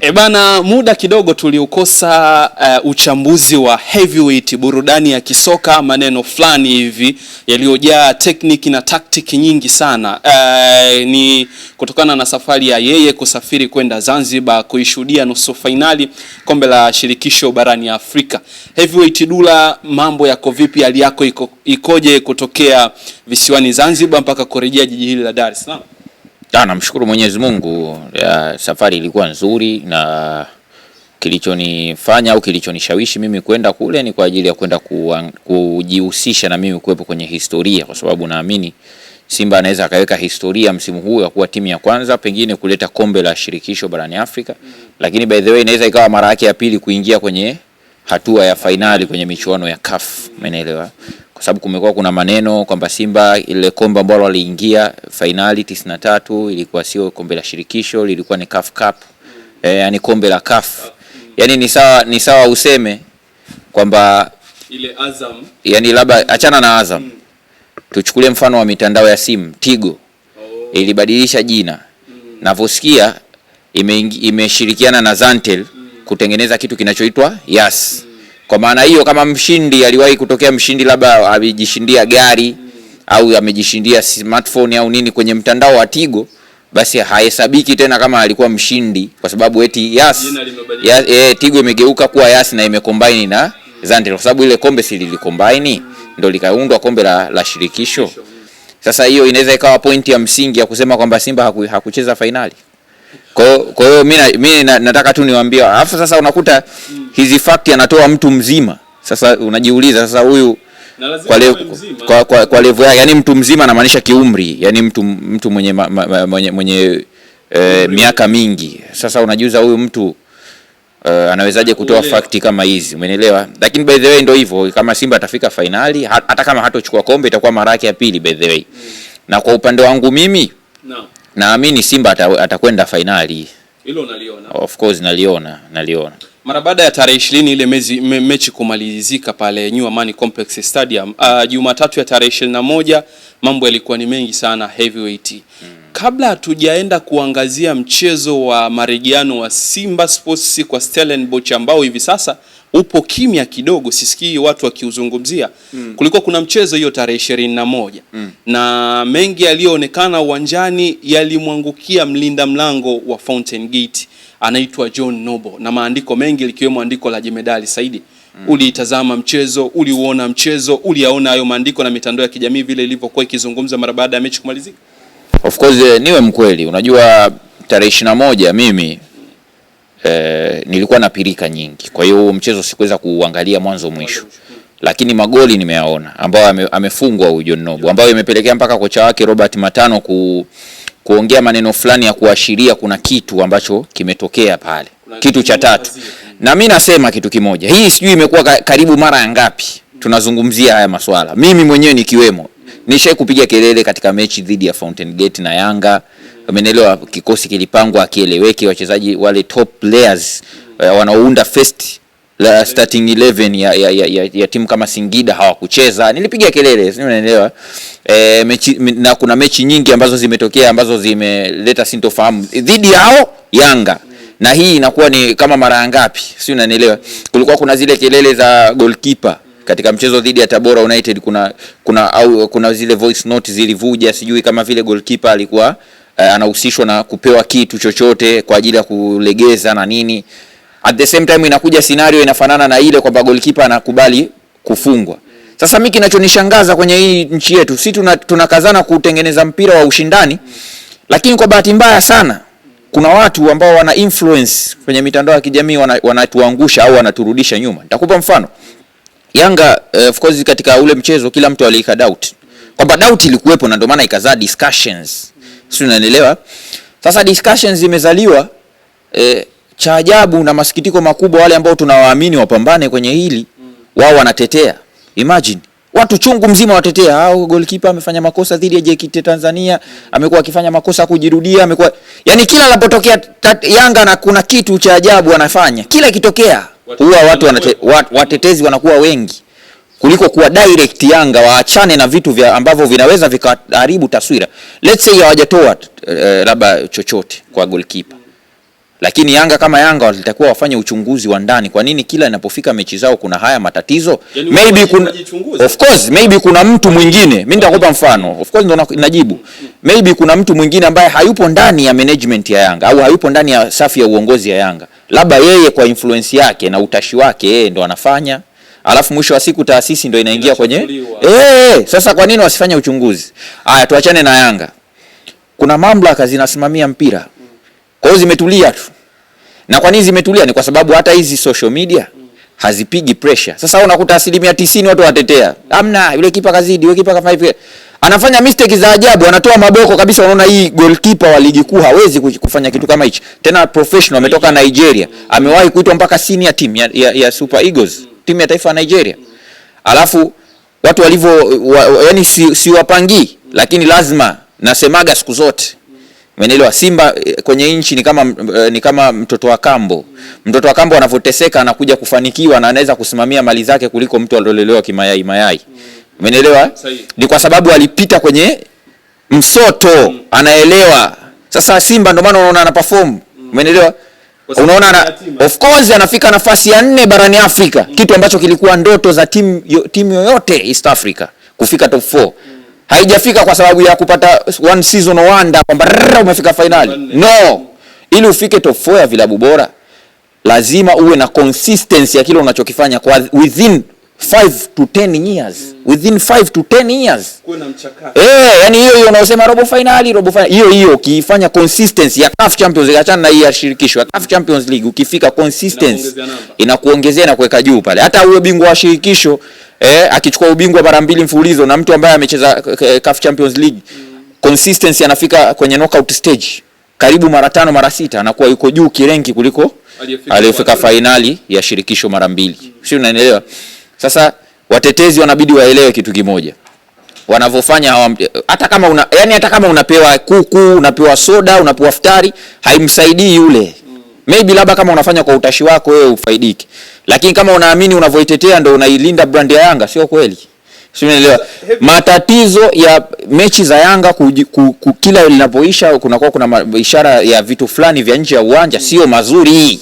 ebana muda kidogo tuliukosa uh, uchambuzi wa Heavyweight, burudani ya kisoka, maneno fulani hivi yaliyojaa tekniki na taktiki nyingi sana. Uh, ni kutokana na safari ya yeye kusafiri kwenda Zanzibar kuishuhudia nusu fainali kombe la shirikisho barani Afrika. Heavyweight Dula, mambo yako vipi? Hali yako iko, ikoje kutokea visiwani Zanzibar mpaka kurejea jiji hili la Dar es Salaam? Ah, namshukuru Mwenyezi Mungu ya, safari ilikuwa nzuri na kilichonifanya au kilichonishawishi mimi kwenda kule ni kwa ajili ya kwenda kujihusisha na mimi kuwepo kwenye historia, kwa sababu naamini Simba anaweza akaweka historia msimu huu ya kuwa timu ya kwanza pengine kuleta kombe la shirikisho barani Afrika. Mm -hmm. Lakini by the way inaweza ikawa mara yake ya pili kuingia kwenye hatua ya fainali kwenye michuano ya CAF, umeelewa? kwa sababu kumekuwa kuna maneno kwamba Simba ile kombe ambalo waliingia fainali 93 ilikuwa sio kombe la shirikisho, lilikuwa ni CAF Cup mm. E, yani kombe la CAF mm. Yani ni sawa, ni sawa useme kwamba ile Azam, yani labda achana na Azam mm. Tuchukulie mfano wa mitandao ya simu Tigo oh. Ilibadilisha jina mm. Navyosikia ime, imeshirikiana na Zantel mm. kutengeneza kitu kinachoitwa Yas mm. Kwa maana hiyo, kama mshindi aliwahi kutokea mshindi, labda amejishindia gari au amejishindia smartphone au nini kwenye mtandao wa Tigo, basi hahesabiki tena kama alikuwa mshindi, kwa sababu eti Yas, Yas eh, Tigo imegeuka kuwa Yas na imekombaini na Zantel, kwa sababu ile kombe si lilikombaini ndio likaundwa kombe la, la shirikisho. Sasa hiyo inaweza ikawa pointi ya msingi ya kusema kwamba Simba haku, hakucheza fainali. Kwa hiyo mimi nataka tu niwaambie, alafu sasa unakuta hizi fakti anatoa mtu mzima. Sasa unajiuliza sasa huyu kwa le, kwa, kwa, kwa levu yake yani mtu mzima anamaanisha kiumri, yani mtu mtu mwenye ma, ma, ma, mwenye, mwenye e, miaka mingi. Sasa unajiuza huyu mtu Uh, anawezaje kutoa fakti kama hizi, umeelewa? Lakini by the way ndio hivyo, kama Simba atafika fainali hata kama hatochukua kombe itakuwa mara yake ya pili by the way mm. Na kwa upande wangu mimi no. Naamini Simba atakwenda fainali. Hilo naliona. Of course naliona, naliona. Mara baada ya tarehe ishirini ile mezi, me, mechi kumalizika pale New Amani Complex Stadium ah, Jumatatu ya tarehe ishirini na moja mambo yalikuwa ni mengi sana Heavyweight. Hmm. Kabla hatujaenda kuangazia mchezo wa marejiano wa Simba Sports kwa Stellenbosch ambao hivi sasa upo kimya kidogo, sisikii watu wakiuzungumzia mm. Kulikuwa kuna mchezo hiyo tarehe ishirini na moja mm. na mengi yaliyoonekana uwanjani yalimwangukia mlinda mlango wa Fountain Gate anaitwa John Noble, na maandiko mengi likiwemo andiko la Jemedali Saidi mm. Uliitazama mchezo, uliuona mchezo, uliyaona hayo maandiko na mitandao ya kijamii vile ilivyokuwa ikizungumza mara baada ya mechi kumalizika? Of course eh, niwe mkweli, unajua tarehe ishirini na moja mimi eh, nilikuwa na pirika nyingi, kwa hiyo huo mchezo sikuweza kuangalia mwanzo mwisho, lakini magoli nimeyaona ambayo ame, amefungwa huyu John Nobu ambayo imepelekea mpaka kocha wake Robert Matano ku, kuongea maneno fulani ya kuashiria kuna kitu ambacho kimetokea pale, kitu cha tatu. Na mimi nasema kitu kimoja, hii sijui imekuwa karibu mara ya ngapi tunazungumzia haya maswala, mimi mwenyewe nikiwemo Nishai kupiga kelele katika mechi dhidi ya Fountain Gate na Yanga, amenelewa Kikosi kilipangwa akieleweke wachezaji wale top players eh, wanaounda first la starting 11 ya, ya, ya, ya, ya timu kama Singida hawakucheza, nilipiga kelele, si unaelewa. E, mechi na kuna mechi nyingi ambazo zimetokea ambazo zimeleta sintofahamu dhidi yao Yanga na hii inakuwa ni kama mara ngapi, si unanielewa. Kulikuwa kuna zile kelele za goalkeeper katika mchezo dhidi ya Tabora United kuna kuna au kuna zile voice note zilivuja, sijui kama vile goalkeeper alikuwa uh, anahusishwa na kupewa kitu chochote kwa ajili ya kulegeza na nini. At the same time inakuja scenario inafanana na ile kwamba goalkeeper anakubali kufungwa. Sasa mimi kinachonishangaza kwenye hii nchi yetu, si tuna, tunakazana kutengeneza mpira wa ushindani, lakini kwa bahati mbaya sana kuna watu ambao wana influence kwenye mitandao ya kijamii wanatuangusha wana au wanaturudisha nyuma. Nitakupa mfano. Yanga eh, of course katika ule mchezo kila mtu aliika doubt kwamba doubt ilikuwepo na ndio maana ikazaa discussions, si unanielewa? Sasa discussions zimezaliwa eh, cha ajabu na masikitiko makubwa, wale ambao tunawaamini wapambane kwenye hili wao wanatetea. Imagine watu chungu mzima watetea, au ah, goalkeeper amefanya makosa dhidi ya JKT Tanzania, amekuwa akifanya makosa kujirudia, amekuwa yani kila anapotokea Yanga na kuna kitu cha ajabu anafanya, kila ikitokea huwa watu wanate, wat, watetezi wanakuwa wengi kuliko kuwa direct Yanga waachane na vitu vya ambavyo vinaweza vikaharibu taswira. Let's say hawajatoa eh, labda chochote kwa goalkeeper, lakini Yanga kama Yanga walitakuwa wafanye uchunguzi wa ndani. Kwa nini kila inapofika mechi zao kuna haya matatizo? Yani maybe kuna, of course maybe kuna mtu mwingine, mimi nitakupa mfano, of course ndo najibu. Maybe kuna mtu mwingine ambaye hayupo ndani ya management ya Yanga au hayupo ndani ya safu ya uongozi ya Yanga labda yeye kwa influence yake na utashi wake yeye ndo anafanya, alafu mwisho wa siku taasisi ndo inaingia kwenye eh, eh, eh. Sasa kwa nini wasifanye uchunguzi? Haya, tuachane na Yanga, kuna mamlaka zinasimamia mpira, kwa hiyo zimetulia tu. Na kwa nini zimetulia? Ni kwa sababu hata hizi social media hazipigi pressure. Sasa unakuta asilimia tisini watu watetea, amna yule kipa kazidi, yule kipa kafanya hivi anafanya mistake za ajabu, anatoa maboko kabisa. Unaona hii goalkeeper wa ligi kuu hawezi kufanya kitu kama hichi tena, professional ametoka Nigeria, amewahi kuitwa mpaka senior team ya, ya, ya Super Eagles, timu ya taifa ya Nigeria. Alafu watu walivyo wa, wa, yani si, si wapangii, lakini lazima nasemaga siku zote Umeelewa? Simba eh, kwenye nchi ni kama eh, ni kama mtoto wa kambo. Mtoto wa kambo anavoteseka anakuja kufanikiwa na anaweza kusimamia mali zake kuliko mtu aliolelewa kimayai mayai umeelewa Ni kwa sababu alipita kwenye msoto mm. Anaelewa sasa Simba, ndio maana unaona mm. ana perform. Umenielewa? mm. Unaona ana, of course anafika nafasi ya nne barani Afrika mm. kitu ambacho kilikuwa ndoto za timu timu yoyote East Africa kufika top 4 mm. haijafika kwa sababu ya kupata one season wonder kwamba umefika finali mm. no, ili ufike top 4 ya vilabu bora lazima uwe na consistency ya kile unachokifanya kwa within 5 to 10 years mm. within 5 to 10 years kuna mchakato eh, yani hiyo hiyo unaosema robo finali, robo finali hiyo hiyo ukifanya consistency ya CAF Champions League, achana na hii ya shirikisho ya CAF Champions League, ukifika consistency inakuongezea na kuweka juu pale, hata uwe bingwa wa shirikisho eh, akichukua ubingwa mara mbili mfululizo na mtu ambaye amecheza eh, CAF Champions League mm. consistency anafika kwenye knockout stage karibu mara tano mara sita anakuwa yuko juu kirenki kuliko aliyefika finali ya shirikisho mara mbili mm. sio, unaelewa? Sasa watetezi wanabidi waelewe kitu kimoja, wanavyofanya hawa, hata kama una, yani hata kama unapewa kuku unapewa soda unapewa ftari haimsaidii yule maybe labda kama unafanya kwa utashi wako wewe ufaidike, lakini kama unaamini unavyoitetea ndio unailinda brand ya Yanga, sio kweli. Sio, matatizo ya mechi za Yanga ku, ku, ku, kila linapoisha kunakuwa kuna, kuna ishara ya vitu fulani vya nje ya uwanja mm. sio mazuri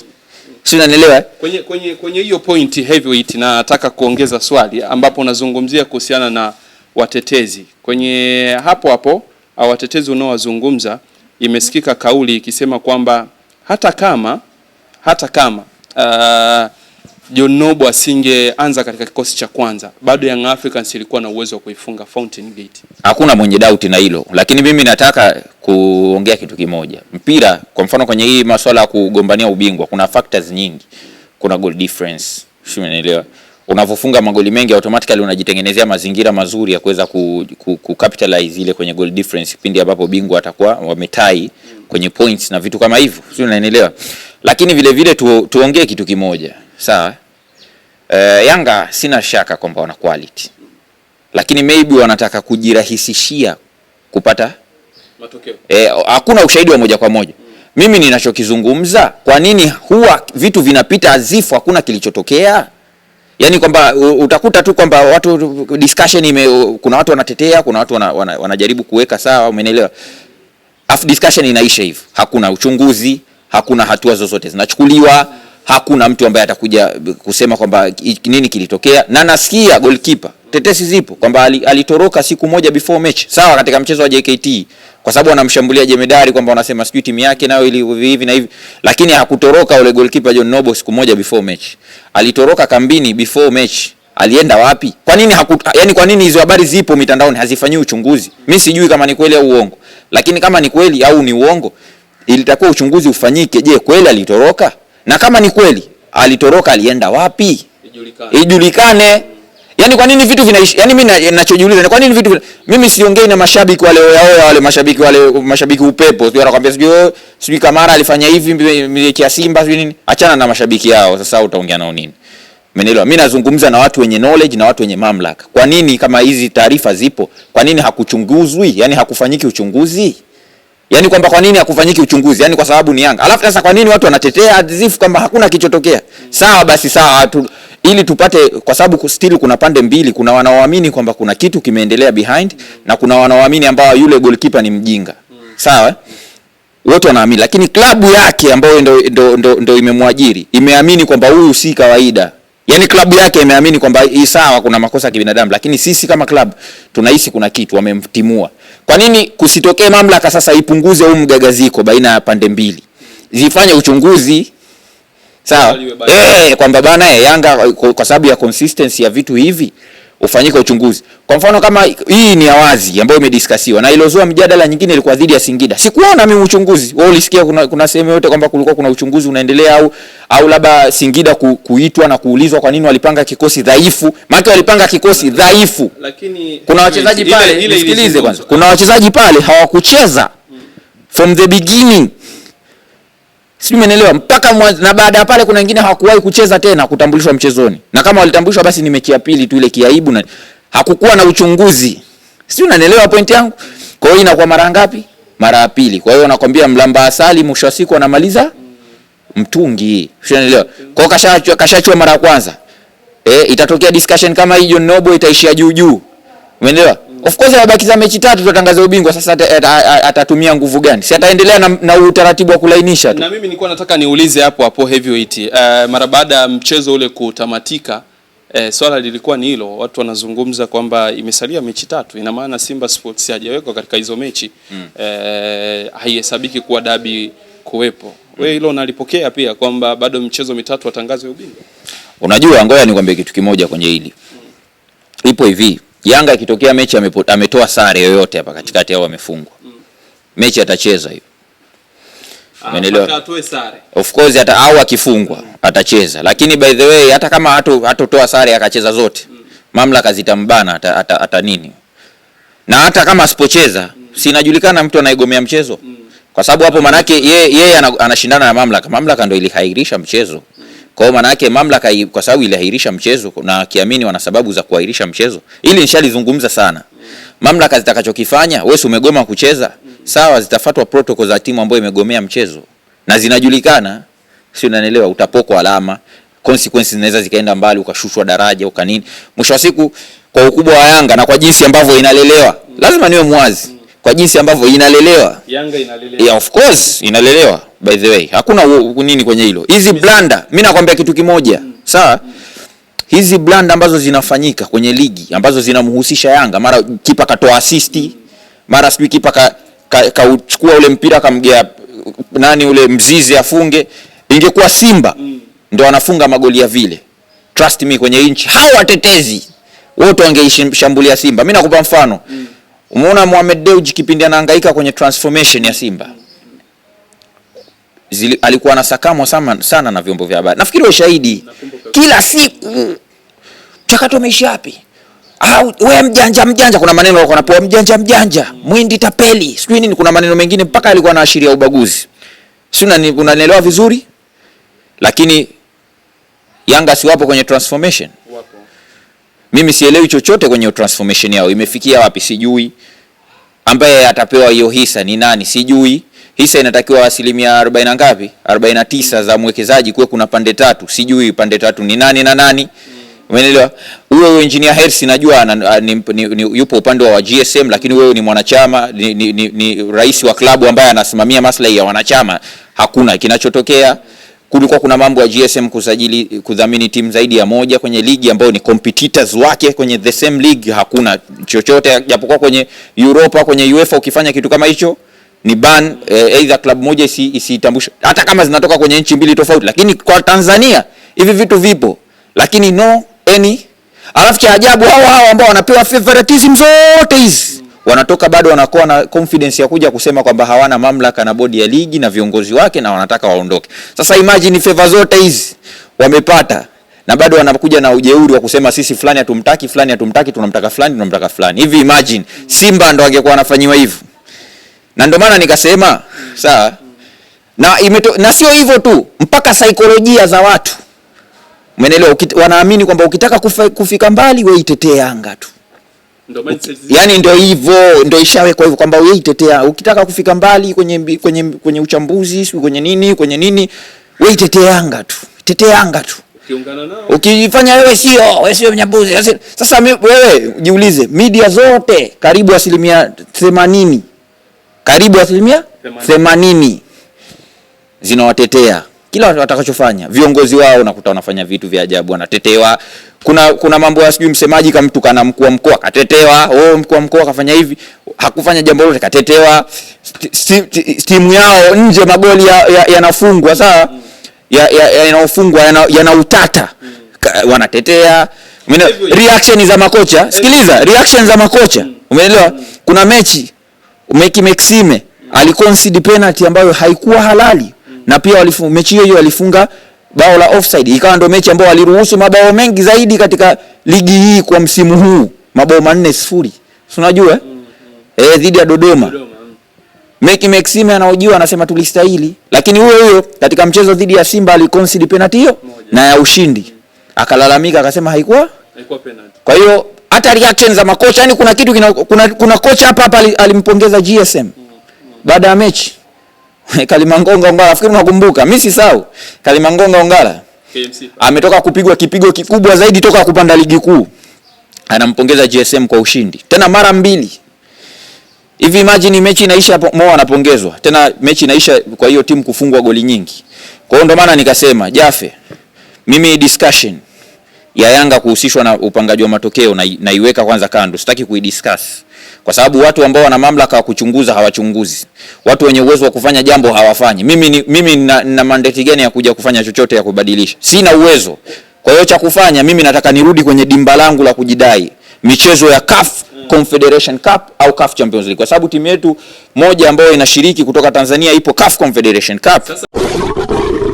si unanielewa? Eh? Kwenye kwenye kwenye hiyo point Heavyweight, na nataka kuongeza swali ambapo unazungumzia kuhusiana na watetezi kwenye hapo hapo watetezi unaowazungumza, imesikika kauli ikisema kwamba hata kama hata kama uh, John Nobo asingeanza katika kikosi cha kwanza, bado Young Africans ilikuwa na uwezo wa kuifunga Fountain Gate. Hakuna mwenye doubt na hilo, lakini mimi nataka kuongea kitu kimoja. Mpira kwa mfano, kwenye hii masuala ya kugombania ubingwa kuna factors nyingi, kuna goal difference, sio? unavofunga magoli mengi automatically unajitengenezea mazingira mazuri ya kuweza ku, ku, ku capitalize ile kwenye goal difference pindi ambapo bingwa atakuwa wametai kwenye points na vitu kama hivyo, sio? Unaelewa, lakini vile vile tu, tuongee kitu kimoja sawa. Uh, Yanga sina shaka kwamba wana quality, lakini maybe wanataka kujirahisishia kupata matokeo. Eh, hakuna ushahidi wa moja kwa moja mm. Mimi ninachokizungumza, kwa nini huwa vitu vinapita azifu, hakuna kilichotokea? Yaani kwamba utakuta tu kwamba watu discussion ime, kuna watu wanatetea, kuna watu wana, wana, wanajaribu kuweka sawa, umeelewa? Afu discussion inaisha hivyo, hakuna uchunguzi, hakuna hatua zozote zinachukuliwa mm hakuna mtu ambaye atakuja kusema kwamba nini kilitokea, na nasikia goalkeeper, tetesi zipo kwamba alitoroka siku moja before match, sawa, katika mchezo wa JKT, kwa sababu wanamshambulia Jemedari kwamba wanasema sijui timu yake nayo ili hivi na hivi, lakini hakutoroka ule goalkeeper John nobo siku moja before match, alitoroka kambini before match. Alienda wapi? Kwa nini haku, yani kwa nini hizo habari zipo mitandaoni hazifanyii uchunguzi? mi sijui kama ni kweli au uongo, lakini kama ni kweli au ni uongo, ilitakuwa uchunguzi ufanyike. Je, kweli alitoroka? na kama ni kweli alitoroka, alienda wapi ijulikane, ijulikane. Yaani kwa nini vitu vinaishi? Yaani mimi ninachojiuliza ni kwa nini vitu vina... mimi siongei na mashabiki wale oya wale mashabiki wale mashabiki upepo. Sijui anakuambia sijui oh, sijui Kamara alifanya hivi miliki ya Simba sijui nini. Achana na mashabiki yao sasa utaongea nao nini? Umeelewa? Mimi nazungumza na watu wenye knowledge na watu wenye mamlaka. Kwa nini kama hizi taarifa zipo? Kwa nini hakuchunguzwi? Yaani hakufanyiki uchunguzi? Yaani kwamba kwa nini hakufanyiki uchunguzi? Yaani kwa sababu ni Yanga. Alafu sasa kwa nini watu wanatetea azifu kwamba hakuna kilichotokea? Sawa basi sawa tu, ili tupate kwa sababu still kuna pande mbili, kuna wanaoamini kwamba kuna kitu kimeendelea behind mm. na kuna wanaoamini ambao yule goalkeeper ni mjinga. mm. Sawa? Eh? Wote wanaamini lakini klabu yake ambayo ndo, ndo, ndo, ndo imemwajiri imeamini kwamba huyu si kawaida. Yaani klabu yake imeamini kwamba hii sawa kuna makosa ya kibinadamu lakini sisi kama klabu tunahisi kuna kitu wamemtimua. Kwa nini kusitokee mamlaka sasa ipunguze huu mgagaziko baina ya pande mbili, zifanye uchunguzi sawa, eh, kwamba bana eh, Yanga kwa sababu ya consistency ya vitu hivi ufanyike uchunguzi. Kwa mfano kama hii ni awazi ambayo imediskasiwa na ilozua mjadala nyingine ilikuwa dhidi ya Singida. Sikuona mimi uchunguzi. Wewe ulisikia kuna, kuna sehemu yote kwamba kulikuwa kuna uchunguzi unaendelea au au labda Singida ku, kuitwa na kuulizwa kwa nini walipanga kikosi dhaifu? Maana walipanga kikosi dhaifu. Lakini kuna wachezaji pale, nisikilize kwanza. Kuna wachezaji pale hawakucheza from the beginning. Sijui umeelewa mpaka mwanzo, na baada ya pale kuna wengine hawakuwahi kucheza tena kutambulishwa mchezoni, na kama walitambulishwa basi ni mechi ya pili tu ile kiaibu, na hakukuwa na uchunguzi. Sijui unanielewa point yangu. Kwa hiyo inakuwa mara ngapi? Mara ya pili. Kwa hiyo nakwambia mlamba asali mwisho wa siku anamaliza mtungi. Unanielewa? Kwa hiyo kashachua kashachua mara ya kwanza. Eh, itatokea discussion kama hii John Nobo itaishia juu juu. Umeelewa? Of course amebakiza mechi tatu tutangaza ubingwa sasa atatumia nguvu gani? Si ataendelea na, na utaratibu wa kulainisha tu. Na mimi nilikuwa nataka niulize hapo hapo Heavyweight. Uh, mara baada ya mchezo ule kutamatika eh, swala lilikuwa ni hilo, watu wanazungumza kwamba imesalia mechi tatu, ina maana Simba Sports hajawekwa katika hizo mechi mm. Eh, haihesabiki kuwa dabi kuwepo. Wewe hilo unalipokea pia kwamba bado mchezo mitatu watangaze ubingwa? Unajua, ngoja nikwambie kitu kimoja kwenye hili mm. Ipo hivi Yanga ikitokea mechi ametoa sare yoyote hapa katikati au amefungwa mm. mechi atacheza hiyo, ah, umeelewa? sare of course, hata au akifungwa atacheza, lakini by the way, hata kama hatotoa sare akacheza zote mm. mamlaka zitambana hata, ata, ata nini na hata kama asipocheza mm. sinajulikana mtu anaigomea mchezo kwa sababu hapo manake yeye ye, anashindana na mamlaka. Mamlaka ndio ilihairisha mchezo. Kwa hiyo maana yake mamlaka, kwa sababu iliahirisha mchezo na kiamini wana sababu za kuahirisha mchezo, ili nishalizungumza sana. Mamlaka zitakachokifanya, wewe umegoma kucheza, sawa, zitafuatwa protocol za timu ambayo imegomea mchezo na zinajulikana, si unanielewa? Utapokwa alama, consequences zinaweza zikaenda mbali, ukashushwa daraja, ukanini. Mwisho wa siku, kwa ukubwa wa Yanga na kwa jinsi ambavyo inalelewa, lazima niwe mwazi kwa jinsi ambavyo inalelewa Yanga inalelewa. Yeah, of course inalelewa by the way, hakuna nini kwenye hilo. Hizi blanda, mimi nakwambia kitu kimoja mm. sawa mm. hizi blanda ambazo zinafanyika kwenye ligi ambazo zinamhusisha Yanga, mara kipa katoa assist, mara sijui kipa kauchukua ka, ka ule mpira kamgea nani ule mzizi afunge. Ingekuwa Simba mm. ndio anafunga magoli ya vile, trust me, kwenye inchi hawa watetezi wote wangeishambulia Simba. Mimi nakupa mfano mm. Umeona Mohamed Dewji kipindi anahangaika kwenye transformation ya Simba Zili, alikuwa anasakamwa sana, sana na vyombo vya habari. Nafikiri wewe shahidi kila siku mchakato umeisha wapi? Au wewe mjanja mjanja, kuna maneno alikuwa anapoa mjanja mjanja, mwindi tapeli, sijui nini, kuna maneno mengine mpaka alikuwa anaashiria ubaguzi. Si unanielewa vizuri? Lakini Yanga si wapo kwenye transformation. wapo. Mimi sielewi chochote kwenye transformation yao, imefikia wapi sijui. Ambaye atapewa hiyo hisa ni nani sijui. Hisa inatakiwa asilimia 40 na ngapi? 49 za mwekezaji, kuwe kuna pande tatu, sijui pande tatu ni nani na nani. Umeelewa? Huyo engineer Hersi najua na, ni, ni, ni, yupo upande wa GSM lakini wewe ni mwanachama ni, ni, ni, ni rais wa klabu ambaye anasimamia maslahi ya wanachama. Hakuna kinachotokea kulikuwa kuna mambo ya GSM kusajili kudhamini timu zaidi ya moja kwenye ligi ambayo ni competitors wake kwenye the same league. Hakuna chochote japokuwa kwenye Europa, kwenye UEFA ukifanya kitu kama hicho ni ban eh, either club moja isitambushwe isi, hata kama zinatoka kwenye nchi mbili tofauti. Lakini kwa Tanzania hivi vitu vipo, lakini no any. Alafu cha ajabu hao hao ambao wanapewa favoritism zote hizi wanatoka bado wanakuwa na confidence ya kuja kusema kwamba hawana mamlaka na bodi ya ligi na viongozi wake na wanataka waondoke. Sasa imagine favor zote hizi wamepata na bado wanakuja na ujeuri wa kusema sisi fulani hatumtaki, fulani hatumtaki, tunamtaka fulani, tunamtaka fulani. Hivi imagine Simba ndo angekuwa anafanyiwa hivyo. Na ndio maana nikasema sawa. Na imeto, na sio hivyo tu, mpaka saikolojia za watu. Umeelewa? Wanaamini kwamba ukitaka kufika mbali wewe itetee Yanga tu yani, ndo hivyo, ndo ishawekwa hivyo kwamba wewe itetea, ukitaka kufika mbali kwenye kwenye kwenye uchambuzi, si kwenye nini, kwenye nini, wewe itetea Yanga tu, itetea Yanga tu. ukifanya wewe sio, wewe sio mnyambuzi. Sasa wewe jiulize, media zote karibu asilimia 80, karibu asilimia 80 zinawatetea kila watakachofanya viongozi wao, nakuta wanafanya vitu vya ajabu, wanatetewa kuna kuna mambo ya sijui msemaji kamtukana mkuu wa mkoa katetewa, oh, mkuu wa mkoa kafanya hivi, hakufanya jambo lolote katetewa. Timu yao nje magoli yanafungwa ya, ya sawa yanayofungwa ya, ya yanautata ya mm. Wanatetea reaction za makocha. Sikiliza reaction za makocha, umeelewa? Kuna mechi Meki Maxime aliconcede penalty ambayo haikuwa halali, na pia mechi hiyo hiyo alifunga bao la offside ikawa ndio mechi ambayo waliruhusu mabao mengi zaidi katika ligi hii kwa msimu huu, mabao manne sifuri. Si unajua Mm, mm. Eh, dhidi ya Dodoma. Dodoma. Mm. Meki Maxime anaojua anasema tulistahili, lakini huyo huyo katika mchezo dhidi ya Simba aliconcede penalty hiyo na ya ushindi. Mm. Akalalamika akasema haikuwa haikuwa penalty. Kwa hiyo hata reaction za makocha yani kuna kitu kina, kuna, kuna kocha hapa hapa alimpongeza GSM. Mm, mm. Baada ya mechi Eh, Kalimangonga Ongala, nafikiri unakumbuka, mimi sisahau Kalimangonga Ongala KMC. Ametoka kupigwa kipigo kikubwa zaidi toka kupanda ligi kuu. Anampongeza GSM kwa ushindi. Tena mara mbili. Hivi imagine mechi inaisha Mo anapongezwa. Tena mechi inaisha kwa hiyo timu kufungwa goli nyingi. Kwa hiyo ndo maana nikasema Jafe, mimi discussion ya Yanga kuhusishwa na upangaji wa matokeo na, naiweka kwanza kando. Sitaki kuidiscuss kwa sababu watu ambao wana mamlaka ya kuchunguza hawachunguzi, watu wenye uwezo wa kufanya jambo hawafanyi. Mimi ni, mimi na, na mandate gani ya kuja kufanya chochote ya kubadilisha? Sina uwezo. Kwa hiyo cha kufanya mimi nataka nirudi kwenye dimba langu la kujidai, michezo ya CAF Confederation Cup au CAF Champions League, kwa sababu timu yetu moja ambayo inashiriki kutoka Tanzania ipo CAF Confederation Cup. Sasa...